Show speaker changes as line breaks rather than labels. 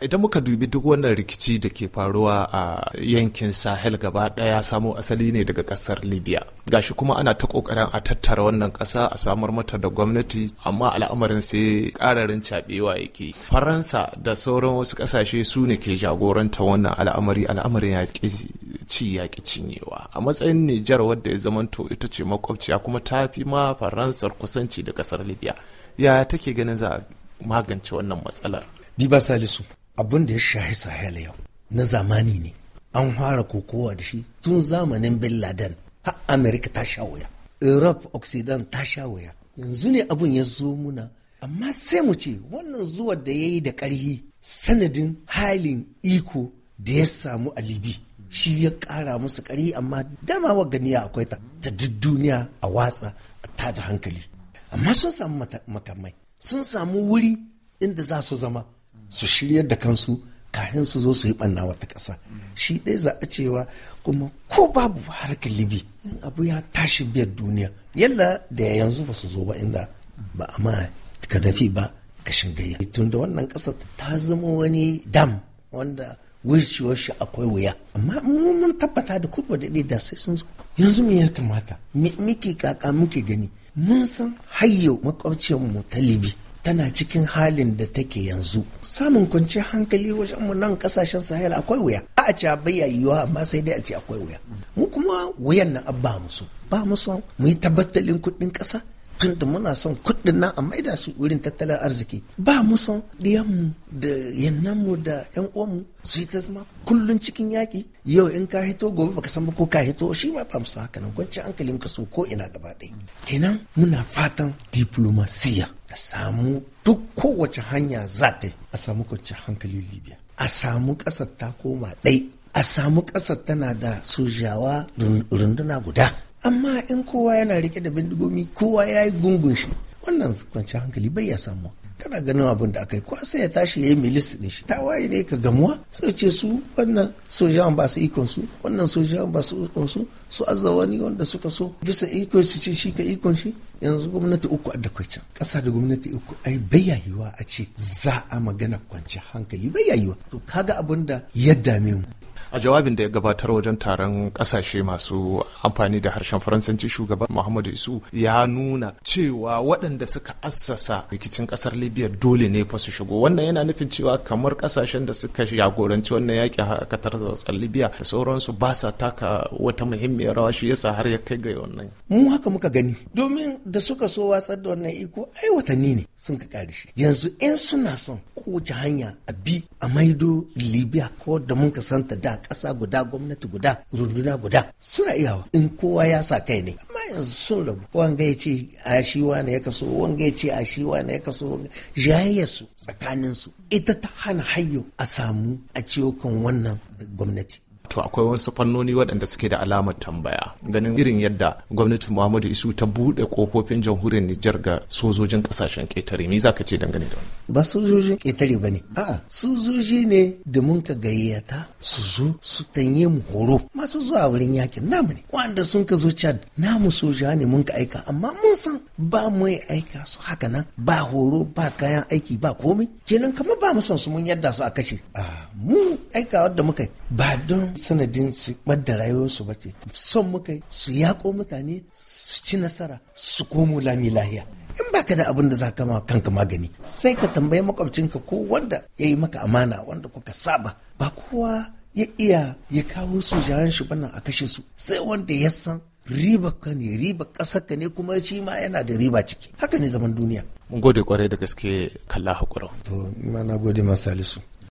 Idan muka dubi duk wannan rikici da ke faruwa a yankin Sahel gaba daya samo asali ne daga kasar Libya. Gashi kuma ana ta kokarin a tattara wannan kasa a samar mata da gwamnati amma al'amarin sai ƙararin caɓewa yake. Faransa da sauran wasu kasashe su ne ke jagoranta wannan al'amari al'amarin ya ci ya cinyewa. A matsayin Nijar wadda ya zamanto ita ce makwabciya kuma ta fi ma Faransar kusanci da ƙasar Libya. Ya take ganin za a magance wannan matsalar?
Diba Salisu, abin da ya shahi sahel yau na zamani ne an fara kokowa da shi tun zamanin bin laden har amerika ta sha wuya europe occident ta sha wuya yanzu ne abin ya zo muna amma sai mu ce wannan zuwa da ya yi da ƙarhi sanadin halin iko da ya samu a libi shi ya ƙara musu karhi amma dama wa ganiya akwai ta ta duk duniya a watsa a tada hankali amma sun samu makamai sun samu wuri inda za su zama su shiryar da kansu kayan su zo su yi ɓanna wata ƙasa shi ɗaya za a cewa kuma ko babu harkar libi abu ya tashi biyar duniya yalla da ya yanzu ba su zo ba inda ba a ma nafi ba ka shingaye tun da wannan ƙasa ta zama wani dam wanda wucewar shi akwai wuya amma mun tabbata da kuma da da sai sun zo yanzu me ya kamata muke kaka muke gani mun san hayyo makwabciyar mu ta libi tana cikin halin da take yanzu samun kwanciyar hankali wajen mu nan kasashen sahel akwai wuya a ce bai yiwuwa amma sai dai a ce akwai wuya mu kuma wuyan nan abba musu ba mu son mu yi tabbatalin kuɗin ƙasa tunda muna son kuɗin nan a maida su wurin tattalin arziki ba mu son ɗiyanmu da yannanmu da yan uwanmu su yi ta zama kullun cikin yaƙi yau in ka hito gobe baka san ba ko ka hito shi ma ba mu san haka nan kwanci hankalin ka so ko ina gaba ɗaya kenan muna fatan diplomasiya ta samu duk kowace hanya za ta a samu kwanciyar hankalin libya a samu ƙasar ta koma ɗai a samu ƙasar tana da sojawa runduna guda amma in kowa yana rike da bindigomi kowa ya yi gungun shi wannan kwanciyar hankali bai ya samu kana ganin abin da aka yi kwa sai ya tashi ya yi milis ne shi ta waye ne ka gamuwa sai ce su wannan sojan ba su ikon su wannan sojan ba su ikon su su azawani wanda suka so bisa ikon shi ce shi ka ikon shi yanzu gwamnati uku a dakwai can ƙasa da gwamnati uku ai bayyayiwa a ce za a magana kwanci hankali bai bayyayiwa to kaga abin da ya dame mu
a jawabin da ya gabatar wajen taron kasashe masu amfani da harshen faransanci shugaban muhammadu isu ya nuna cewa waɗanda suka assasa rikicin ƙasar libya dole ne fa su shigo wannan yana nufin cewa kamar ƙasashen da suka jagoranci wannan yaƙi a katar tsatsar libya da sauransu ba sa taka wata muhimmiyar rawa shi yasa har ya kai ga wannan
mu haka muka gani domin da suka so watsar da wannan iko ai watanni ne sun ka kare shi yanzu in suna son kowace hanya a bi a maido libya ko da mun ka santa da ƙasa guda gwamnati guda runduna guda suna iyawa in kowa ya sa kai ne amma yanzu sun rabu wanga ya ce a shi wane ya kaso wanga ya ce a shi wane ya kaso jayayya su tsakanin su ita ta hana hayo a samu a ciwo wannan
gwamnati to akwai wasu fannoni waɗanda suke da alamar tambaya ganin irin yadda gwamnatin muhammadu isu ta buɗe kofofin jamhuriyar nijar ga sojojin ƙasashen ƙetare me za ka ce dangane da wani
ba sojojin ƙetare ba ne a'a sojoji ne da mun ka gayyata su zo su tanye mu horo masu zuwa wurin yakin namu ne wanda sun ka zo chad namu soja ne mun ka aika amma mun san ba mu aika su haka nan ba horo ba kayan aiki ba komai kenan kamar ba mu san su mun yadda su a kashe a ah, mu aikawa da muka yi ba don sanadin su ɓadda rayuwarsu ba ce son muka yi su yaƙo mutane su ci nasara su komo lami lahiya in baka da abin da za ka ma kanka magani sai ka tambayi makwabcinka ko wanda ya yi maka amana wanda kuka saba ba kowa ya iya ya kawo su jaran shi bana a kashe su sai wanda ya san riba ka ne riba ƙasar ka ne kuma shi ma yana da riba ciki haka ne zaman duniya
mun gode kwarai da gaske kalla hakura to ma na gode ma salisu